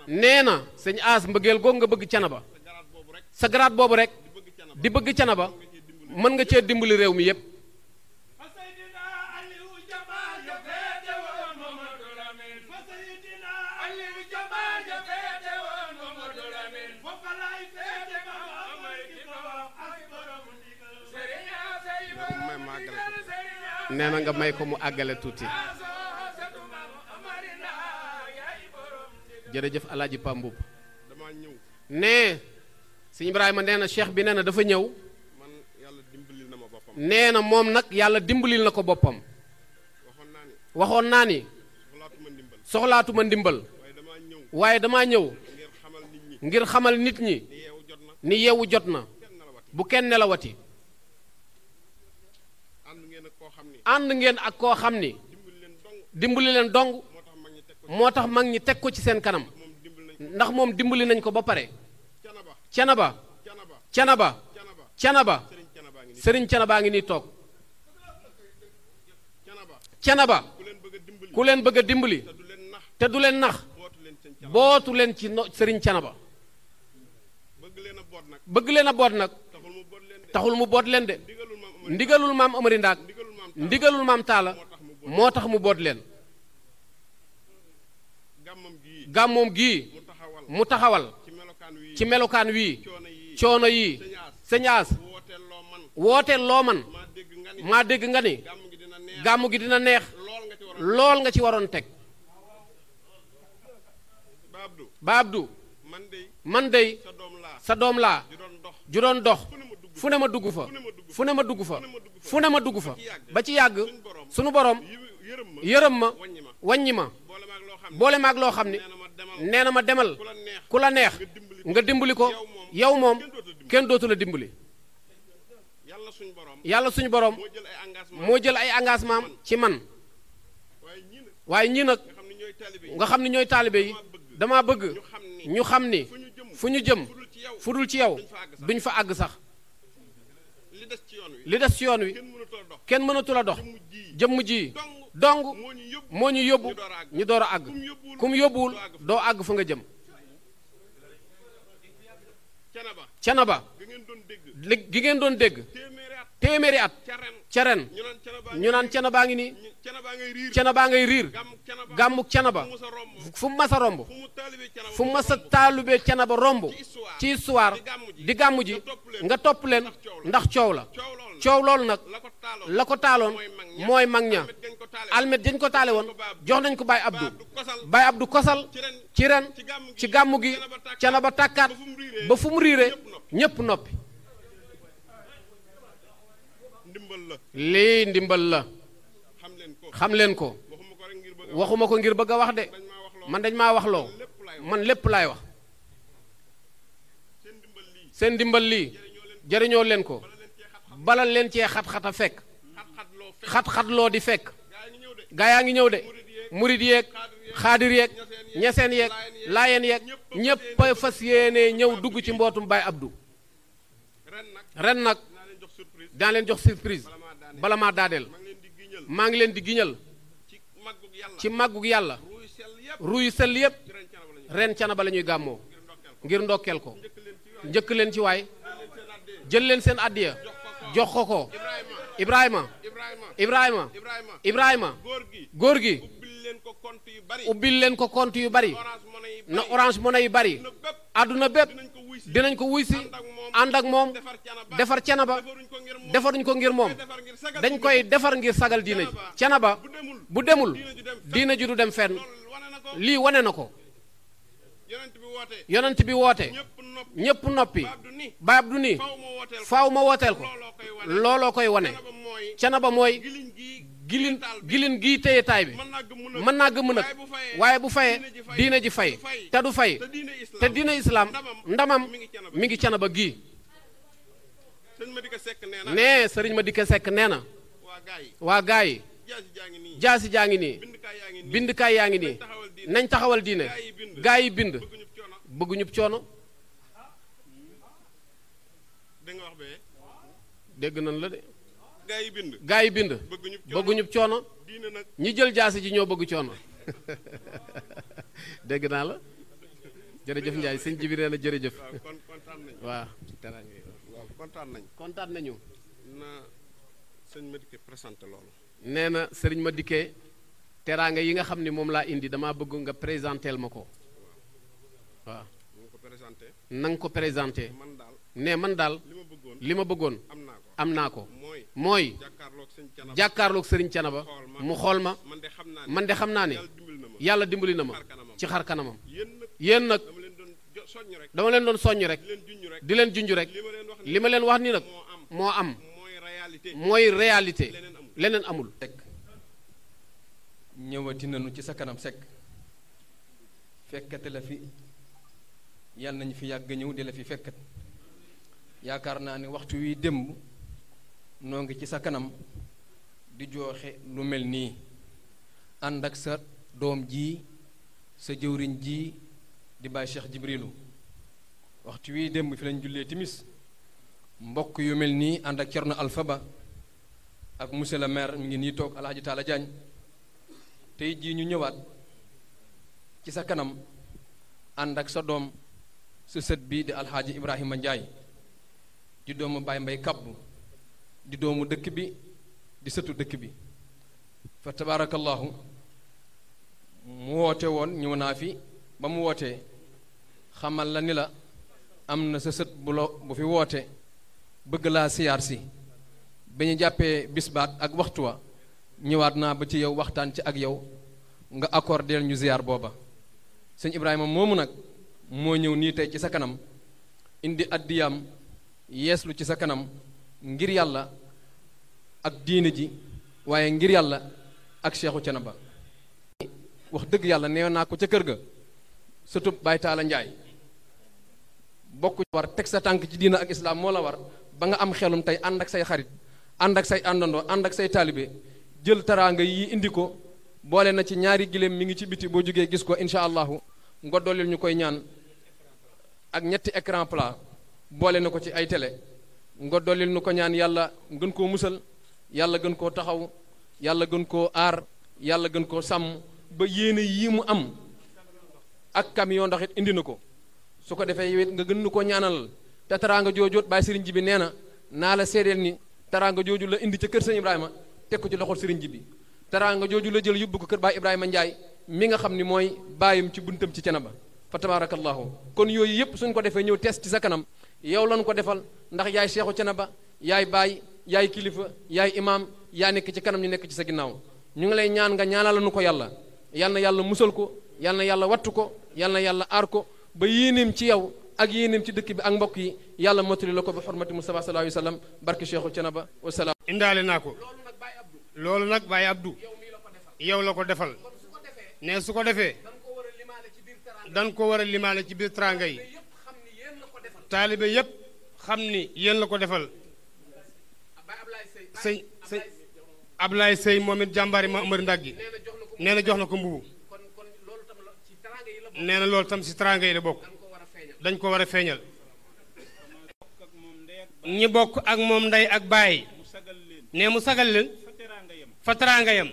nee na sëñ aas mbëggeel googu nga bëgg ba sa garaat boobu rek di bëgg canaba mën nga cee dimbali réew mi yépp nee na nga may ko mu àggale tuuti jërëjëf alaaji Pambuub nee sëñ Ibrahima nee na cheikh bi nee na dafa ñëw nee na moom nag yàlla dimbalil na ko boppam waxoon naa ni soxlaatuma ndimbal waaye damaa ñëw ngir xamal nit ñi ni yeewu jot na bu kenn nelawati ànd ngeen ak koo xam ni dimbali leen dong moo tax mag ñi teg ko ci seen kanam ndax moom dimbali nañ ko ba pare canaba canaba canaba sëriñ canabaa ngi nii toog canaba ku leen bëgg a dimbali te du leen nax bootu leen ci no sëriñ canaba bëgg leen a boot nag taxul mu boot leen de ndigalul maam amari ndaak ndigalul maam taala moo tax mu boot leen gàmmoom gii mu taxawal ci melokaan wii coono yii sëñ As wooteel loo man maa dégg nga ni gàmm gi dina neex lool nga ci waroon teg Baabdu man dey sa doom laa ju doon dox fu ne ma dugg fa fu ne ma dugg fa fu ne ma dugg fa ba ci yàgg sunu borom yërëm ma wàññi ma boole maag loo xam ni nee na ma demal ku la neex nga dimbali ko yow moom kenn dootu la dimbali yàlla suñu borom moo jël ay engagement am ci man waaye ñii nag nga xam ne ñooy taalibe yi dama bëgg ñu xam ni fu ñu jëm fu dul ci yow duñ fa àgg sax li des ci yoon wi kenn mënatu la dox jëmm ji dong moo ñu yóbbu ñu door a àgg kum yóbbuwul doo àgg fu nga jëm canaba canaba gi ngeen doon dégg gi ngeen doon dégg téeméeri at ca ren ñu naan cana baa ngi nii cana baa ngay riir gàmmuk cana ba fu mu mas a romb fu mu mas a taalubee cana ba romb ci histoire di gàmmu ji nga topp leen ndax coow la coow loolu nag la ko taaloon mooy mag ña almet dañ ko taale woon jox nañ ko Baye Abdou Baye Abdou kosal ci ren ci gàmmu gi cana ba tàkkaat ba fu mu riire ñépp noppi lii ndimbal la xam leen ko waxuma ko ngir bëgg a wax de man dañ maa wax loo man lépp laay wax seen ndimbal lii jëriñoo leen ko bala leen cee xat-xata fekk xat-xat loo di fekk gaa yaa ngi ñëw de murid yeeg xaadir yeeg ñeseen yeeg laayeen yeeg ñépp fas yéene ñëw dugg ci mbootum Baay Abdu ren nag dina leen jox surprise bala maa daadeel maa ngi leen di giñal ci màggug yàlla ruyu sel yépp ren canaba la ñuy gàmmoo ngir ndokkeel ko njëkk leen ci waay jël leen seen addiya jox ko ko Ibrahima Ibrahima Ibrahima góor gi ubbil leen ko compte yu bari na orange money bari àdduna bépp dinañ ko wuy si ànd ak moom defar canaba defaruñ ko ngir moom dañ koy defar ngir sagal diina ji canaba bu demul diina ji du dem fenn lii wane na ko yonent bi woote ñépp noppi baab du ni faaw ma wooteel ko looloo koy wane canaba mooy gilin gilin gii téye taay bi mën naa gëmm nag waaye bu fayee diine ji fay te du fay te diine islaam ndamam mi ngi cana ba gii nee sëriñ ma dikka sekk nee na waa gaa yi jaasi jaa ngi nii bindkaay yaa ngi nii nañ taxawal diine gaa yi bind bëgguñub coono dégg nañ gaa yi bind. gaa yi bind bëgguñu coono ñi jël jaasi ji ñoo bëgg coono dégg naa la jërëjëf Ndiaye sëñ ji bi nee na jërëjëf. waaw kontaan nañu. kontaan nañu. na sëñ Madické présenté nee na sëriñ Madické teraanga yi nga xam ni moom laa indi damaa bëgg nga présenteel ma ko waaw. na nga ko présenté. ne man daal li ma bëggoon am naa ko. mooy jàkkaarloog sëriñ Canaba mu xool ma man de xam naa ne yàlla dimbali na ma ci xar kanamam yéen nag dama leen doon soññ rek di leen junj rek li ma leen wax ni nag moo am mooy réalité leneen amul. ñëwati nañu ci sa kanam sekk fekkate la fi yàlla nañu fi yàgg ñëw di la fi fekkat yaakaar naa ne waxtu wi démb. noo ngi ci sa kanam di jooxe lu mel nii ànd ak sa doom ji sa jëwriñ ji di bàyyi Cheikh Jibrilu waxtu wii démb fi lañ jullee timis mbokk yu mel nii ànd ak Cerno Alfa Ba ak monsieur le maire mi ngi nii toog Alhaji Talla Diagne tey jii ñu ñëwaat ci sa kanam ànd ak sa doom sa sët bi di Alhaji Ibrahima Ndiaye di doomu Baye Mbay Kàbbu di doomu dëkk bi di sëtu dëkk bi fa tabaarakallaahu mu woote woon ñëw naa fi ba mu wootee xamal la ni la am na sa sët bu la bu fi woote bëgg laa siyaar si ba ñu jàppee bisbaat ak waxtu wa ñëwaat naa ba ci yow waxtaan ci ak yow nga accordeel ñu ziyaar booba sëñ Ibrahima moomu nag moo ñëw nii tey ci sa kanam indi addiyaam yeeslu ci sa kanam ngir yàlla ak diine ji waaye ngir yàlla ak Seexu ba wax dëgg yàlla nee naa ko ca kër ga surtout Baye Talla Ndiaye bokk war teg sa tànk ci diina ak islaam moo la war ba nga am xelum tey ànd ak say xarit ànd ak say àndandoo ànd ak say taalibe jël taraanga yi indi ko boole na ci ñaari giléem mi ngi ci biti boo jógee gis ko incha allahu nga ñu koy ñaan ak ñetti écran plat boole na ko ci ay tele nga dollil nu ko ñaan yàlla gën koo musal yàlla gën koo taxaw yàlla gën koo aar yàlla gën koo sàmm ba yéene yii mu am ak camion ndax it indi na ko su ko defee yow nga gën nu ko ñaanal te taraanga joojoot baay sëriñ bi nee na naa la seedeel ni taraanga jooju la indi ca kër sañ Ibrahima teg ko ci loxol sëriñ bi taraanga jooju la jël yóbbu ko kër baay Ibrahima Ndiaye mi nga xam ni mooy baayam ci buntam ci cana ba fa tabaarakallaahu kon yooyu yëpp suñ ko defee ñëw tees ci sa kanam yow lañu ko defal ndax yaay seexu Thiénaba yaay baay yaay kilifa yaay imaam yaa nekk ci kanam ñu nekk ci sa ginnaaw ñu ngi lay ñaan nga ñaanal nu ko yàlla yal yàlla musal ko yal yàlla wattu ko yal yàlla aar ko ba yéeneem ci yow ak yéeneem ci dëkk bi ak mbokk yi yàlla motali la ko ba xurmati Mustafa sa alayhi wa sallam barke Seexu Thiénaba wa salaam. indaale naa ko loolu nag Baye Abdou yow la ko defal ne su ko defee dan ko war a limaale ci biir teraanga yi taalibe yépp xam ni yéen la ko defal sëñ sëñ Ablaye Sey moom it jàmbaari ma ëmër ndag gi nee jox na ko mbubu nee na loolu tam si teraanga yi la bokk dañ ko war a feeñal ñi bokk ak moom ndey ak baay ne mu sagal leen fa teraanga yam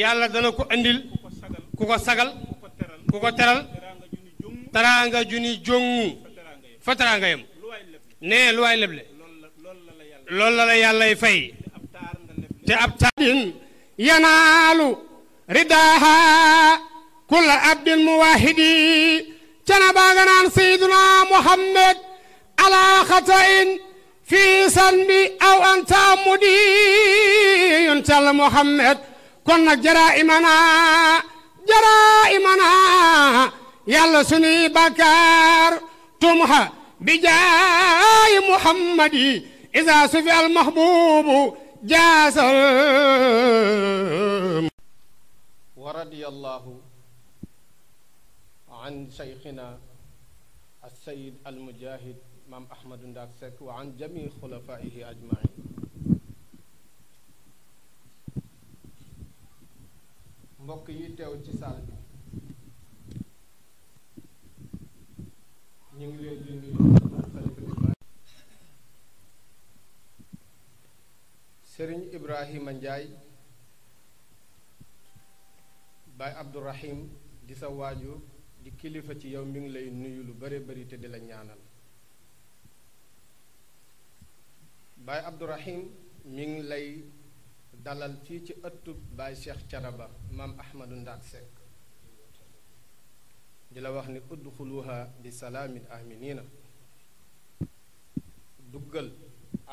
yàlla dana ko andil ku ko sagal ku ko teral teraanga ju ni jongu fa teraanga yam nee lu waay leble loolu la la yàllay fay te ab taadin yanaalu ridaaha kulla abdin muwahidi cana baa nga naan sayduna muhammad ala xata'in fi sanbi aw anta mudi yun tal muhammad kon nag jaraa imana jaraa imana yàlla sunuy bakkaar تمحى بجاي محمد إذا سفي المحبوب جاس ورضي الله عن شيخنا السيد المجاهد مام أحمد داك سك وعن جميع خلفائه أجمعين mbokk yi teew ci saal Serigne Ibrahima Ndiaye Baye Abdourahim di sa waajur di kilifa ci yow mi ngi lay nuyu lu bare bari te di la ñaanal Baye Abdourahim mi ngi lay dalal fii ci ëttub Baye Cheikh Thiénaba maam Ahmadou Ndaat Seck di la wax ni udxuluha di salaamin aminiina duggal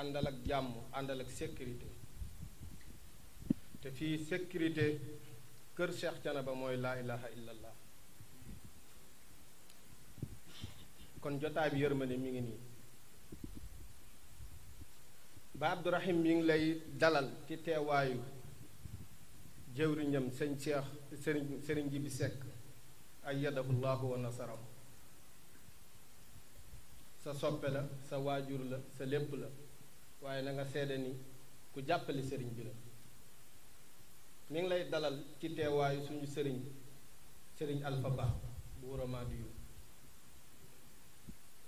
àndal ak jàmm àndal ak sécurité te fii sécurité kër Cheikh ba mooy laa ilaha illallah kon jotaay bi yërmande mi ngi nii ba Abdourahim mi ngi lay dalal ci teewaayu jëwriñam sëñ Cheikh sëriñ sëriñ ji bi Seck ayyadahu llahu wa nasarahu sa soppe la sa waajur la sa lépp la waaye nanga nga ni ku jàppale sëriñ bi la mi ngi lay dalal ci teewaayu suñu sëriñ sëriñ Alpha Ba bu Wouramadi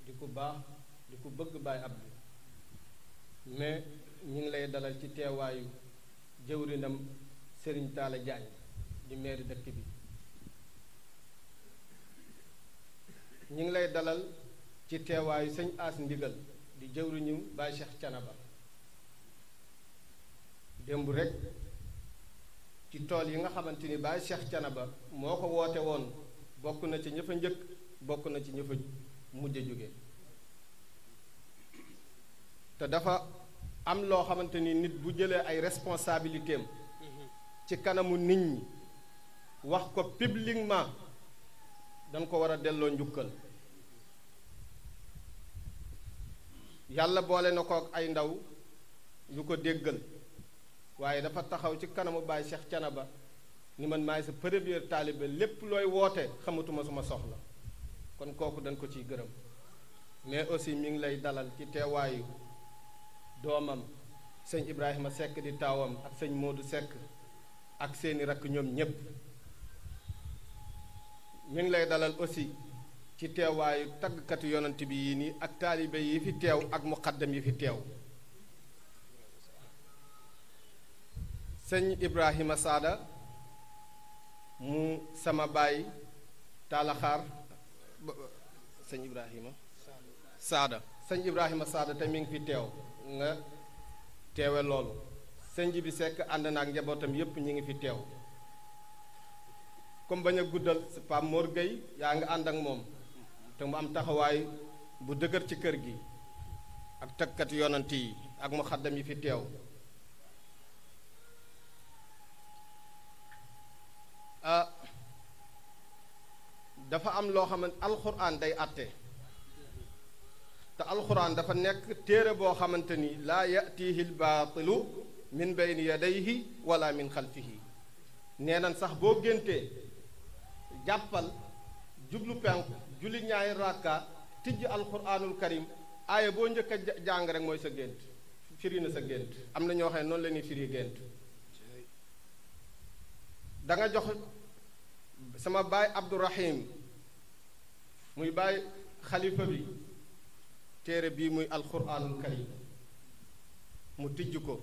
di ku baax di ku bëgg baay Abdou mais ñu ngi lay dalal ci teewaayu jëwrinam sëriñ Talla Diagne di meeri dëkk bi ñu ngi lay dalal ci teewaayu sëñ As Ndigal di jëwriñu Baay Cheikh Canaba démb rekk ci tool yi nga xamante ni Baay Cheikh Thiénaba moo ko woote woon bokk na ci ña njëkk bokk na ci ña fa mujj jóge te dafa am loo xamante ni nit bu jëlee ay responsabilité ci kanamu nit ñi wax ko publiquement dañ ko war a delloo njukkal yàlla boole na ko ak ay ndaw yu ko déggal waaye dafa taxaw ci kanamu Baye Cheikh Canaba ni man maay sa premier taalibe lépp looy woote xamatuma suma soxla kon kooku dañ ko ciy gërëm mais aussi mi ngi lay dalal ci teewaayu doomam sëñ Ibrahima Seck di taawam ak sëñ du sekk ak seeni rakk ñoom ñépp mi ngi lay dalal aussi ci teewaayu taggkatu yonant bi yii nii ak taalibe yi fi teew ak muqaddam yi fi teew sëñ Ibrahima Saada mu sama baay taalaxaar sëñ Ibrahima Saada sëñ Ibrahima Saada te mi ngi fi teew nga teewe loolu sëñ bi sekk ànd na ak njabootam yépp ñu ngi fi teew comme bañ a guddal si Pape yaa ngi ànd ak moom te mu am taxawaay bu dëgër ci kër gi ak takkat yonant yi ak mu xaddam yi fi teew dafa am loo xamante alxuraan day àtte te alxuraan dafa nekk téere boo xamante ni laa yatihi lbaatilu min bayni yadayhi walla min xalfihi nee nan sax boo géntee jàppal jublu penk julli ñaari rakka tijj alxuraanul karim aaya boo njëkk a jàng rek mooy sa gént firi na sa gént am na ñoo xam ne noonu la ñuy firi gént danga nga jox sama baay Abdourahim muy bàyyi xalifa bi téere bii muy alxuraanul karim mu tijj ko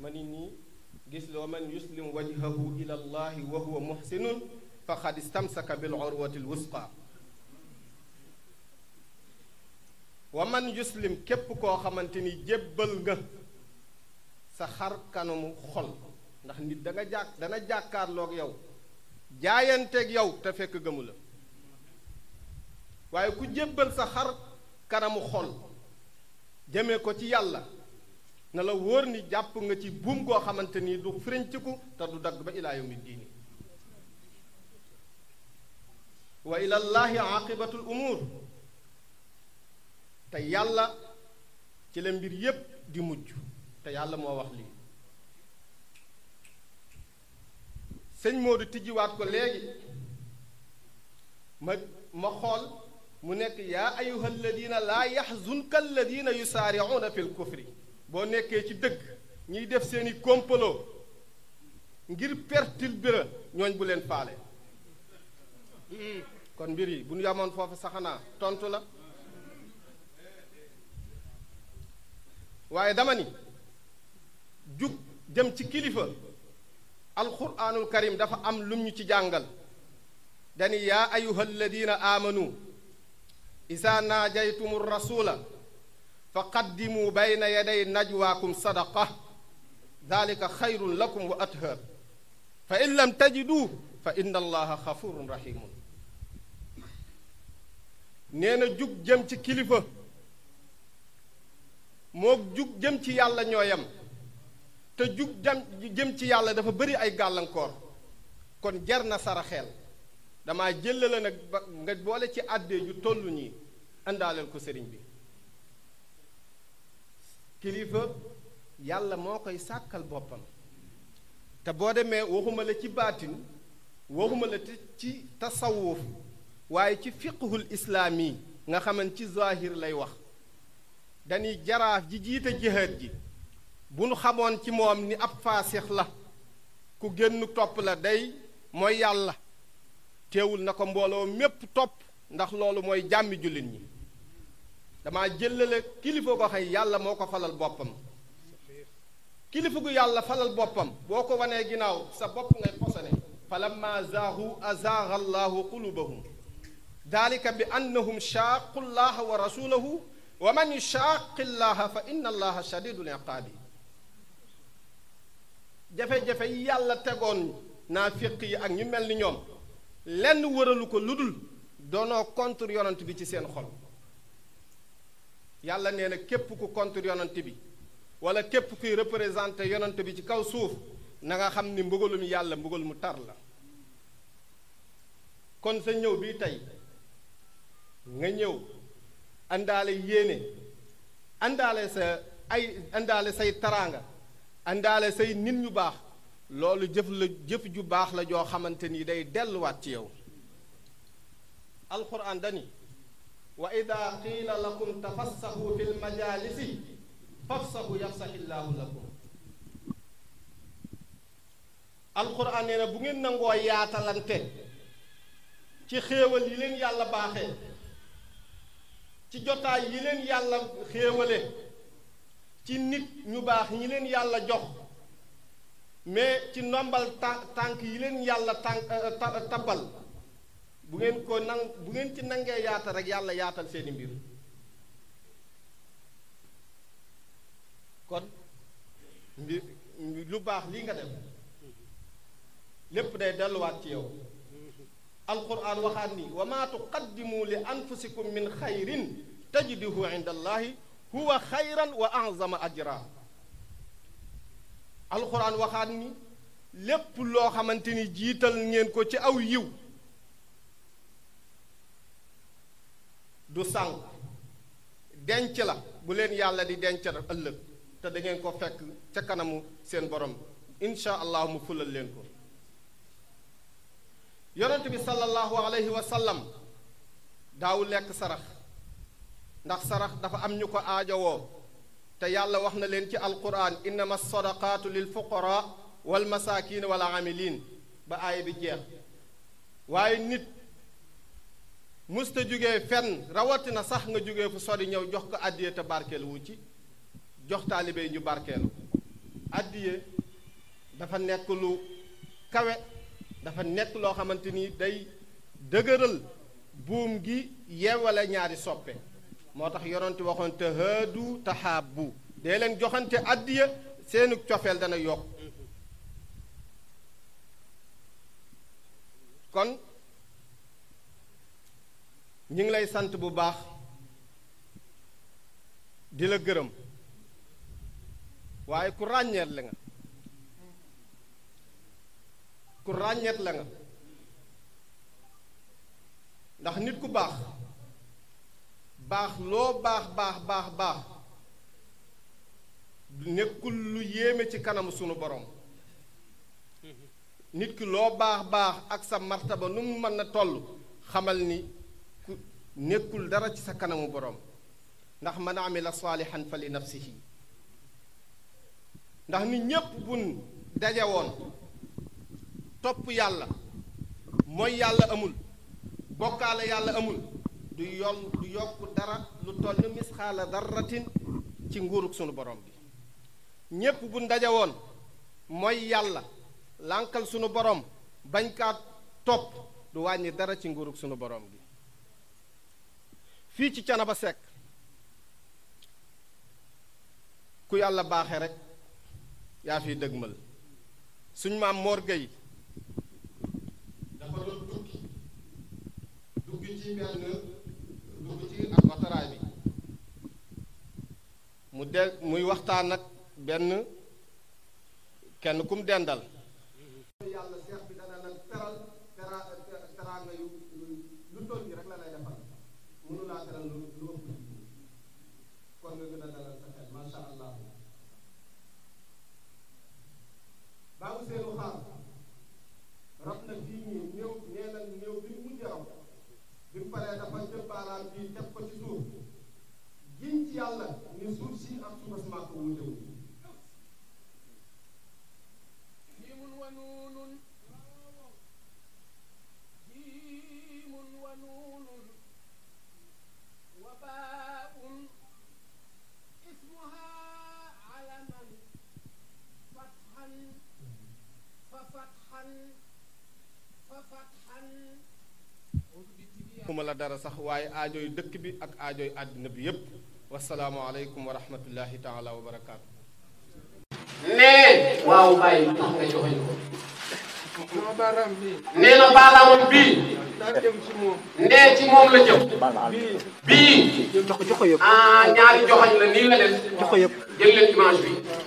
ma ni nii loo man yuslim wajhahu ila llahi wa huwa muhsinun faqad istamsaka bil urwati l wusqa wa man képp koo xamante ni jébbal nga sa xar kanamu xol ndax nit da dana jàkkaarloog yow jaayanteeg yow te fekk gëmu la waaye ku jébbal sa xar kanamu xol jëmee ko ci yàlla na la wóor ni jàpp nga ci buum goo xamante ni du firinciku te du dagg ba ilaa yawmi diini wa ilallaahi aqibatul umuur te yàlla ci la mbir yépp di mujj te yàlla moo wax lii sëñ Modou tijjiwaat ko léegi ma ma xool mu nekk yaa ayuha alladina laa yaxzunka yu yusaariuuna fi lkufri boo nekkee ci dëgg ñuy def seeni complot ngir pertil bira ñooñ bu leen faale kon mbir yi bu ñu yamoon foofu saxanaa tontu la waaye dama ni jug jëm ci kilifa alquraanul karim dafa am lum ñu ci jàngal dani yaa ayuha alladina amanu isa naajaytumu rasula fa qaddimu bayna yaday najwaakum sadaqa dalika xayrun lakum wa athar fa in lam tajidu fa inna allaha xafurun rahimun nee na jug jëm ci kilifa moo jug jëm ci yàlla ñooyam te jug jëm ci yàlla dafa bëri ay gàllankoor kon jar na saraxeel dama jël nag boole ci àddee ju toll nii àndaaleel ko sëriñ bi kilifa yàlla moo koy sàkkal boppam te boo demee waxuma la ci baatin waxuma la ci tasawuf waaye ci fiqhul islaami nga xaman ci zahir lay wax dañuy jaraaf ji jiite jihaat ji bu nu xamoon ci moom ni ab faasix la ku génn topp la day mooy yàlla teewul na ko mbooloo mépp topp ndax loolu mooy jàmmi jullit ñi damaa jëlale kilifa ko xëy yàlla moo ko falal boppam kilifa gu yàlla falal boppam boo ko wanee ginnaaw sa bopp ngay posone falamma zaahu azaaha allahu qulubahum bi annahum shaaqu llaha wa rasulahu wa man yushaaqi llaha fa inna allaha shadidul iqaabi jafe-jafe yàlla tegoon naa yi ak ñu mel ni ñoom lenn wëralu ko lu dul doonoo contre yonent bi ci seen xol yàlla nee na képp ku contre yonant bi wala képp kuy représenté yonant bi ci kaw suuf na nga xam ni mbugalum yàlla mbugal mu tar la kon sa ñëw bii tey nga ñëw àndaale yéene àndaale sa ay àndaale say taraanga àndaale say nit ñu baax loolu jëf la jëf ju baax la joo xamante ni day delluwaat ci yow alxuraan dani wa ida qiila lakum tafassahu fi lmajalisi fafsahu yafsahi llaahu lakum nee na bu ngeen nangoo yaatalante ci xéewal yi leen yàlla baaxe ci jotaay yi leen yàlla xéewale ci nit ñu baax ñi leen yàlla jox mais ci nombal tànk yi leen yàlla tànk euh, tabal bu ngeen ko nang bu ngeen ci nangee yaatal rek yàlla yaatal seeni mbir kon mbir lu baax lii nga def lépp day delluwaat ci yow alquran waxaat ni wa maa tuqaddimu li anfusikum min xayrin tajiduhu inda allahi huwa xayran wa azama ajra alquran waxaat ni lépp loo xamante ni jiital ngeen ko ci aw yiw du sànq denc la bu leen yàlla di dencal ëllëg te dangeen ngeen ko fekk ca kanamu seen borom incha allah mu fulal leen ko yonent bi sallallahu alayhi wa sallam daawu lekk sarax ndax sarax dafa am ñu ko aajowoo te yàlla wax na leen ci alquran innama sadaqaatu lil fuqara wal masaakin wal amilin ba aaya bi jeex waaye nit musta jógee fenn rawatina sax nga jóge fu sori ñëw jox ko àddiyee te barkeel wu ci jox taalibe ñu barkeelu àddiyee dafa nekk lu kawe dafa nekk loo xamante ni day dëgëral buum gi yeewale ñaari soppe moo tax yonent waxoon te hëdu taxaabu dee leen joxante àddiya seenu cofeel dana yokk kon ñu ngi lay sant bu baax di la gërëm waaye ku ràññeet la nga ku ràññeet la nga ndax nit ku baax baax loo baax baax baax baax nekkul lu yéeme ci kanamu sunu borom nit ki loo baax baax ak sa martaba lu mu mën na toll xamal ni nekkul dara ci sa kanamu borom ndax man amila saalihan fa li nafsihi ndax nit ñépp buñ daje topp yàlla mooy yàlla amul bokkaale yàlla amul du yol du yokk dara lu toll ni misxaala darratin ci nguurug sunu borom bi ñépp buñ daje mooy yàlla lànqal sunu borom bañ kaa topp du wàññi dara ci nguurug sunu borom bi fii ci Canaba Seck ku yàlla baaxe rekk yaa fiy dëgmal suñ maam Mor Gueye dafa doon tukki dugg ci benn dugg ci ak bataraay bi mu de muy waxtaan ak benn kenn kum dendal xuma la dara sax waaye aajooy dëkk bi ak aajooy àddina bi yépp wasalaamaaleykum wa rahmatullahi taala wa barakaatu nee waaw bàyyi tax nga joxoñ ko sama baaraam bi nee ci moom la jëm bii ah ñaari joxoñ la nii la jox ko yëpp jël leen image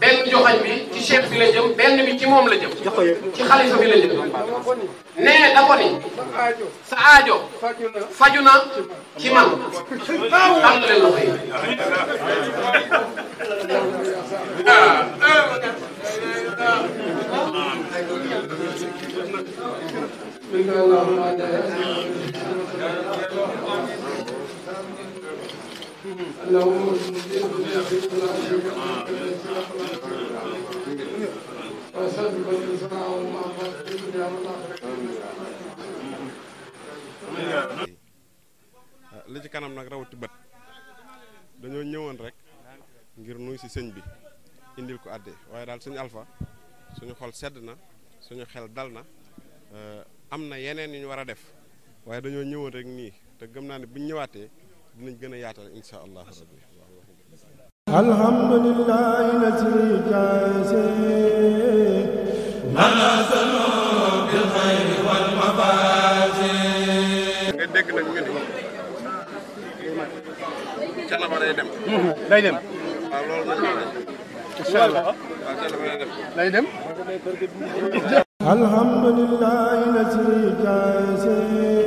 benn joxañ bi ci chef bi la jëm benn bi ci moom la jëm ci xalifa bi la jëm nee da ko ni sa aajo faju na ci man am na leen loxo yi من Ah, li ci kanam nag rawati bët dañoo ñëwoon rek ngir nuy ci sëñ bi indil ko àddee waaye daal suñu alfa suñu xol sedd na suñu xel dal na eh, am na yeneen yu ñu war a def waaye dañoo ñëwoon rek nii te gëm naa ne buñ ñëwaatee dinañ gën a yaatal insha allah rabbi alhamdulillahi lazi jaasi manasano bil xayri wal mafaati nga dégg nag ñu ni canaba day dem day dem waaw loolu nag insha allah waaw canaba day dem day dem alhamdulillahi lazi jaasi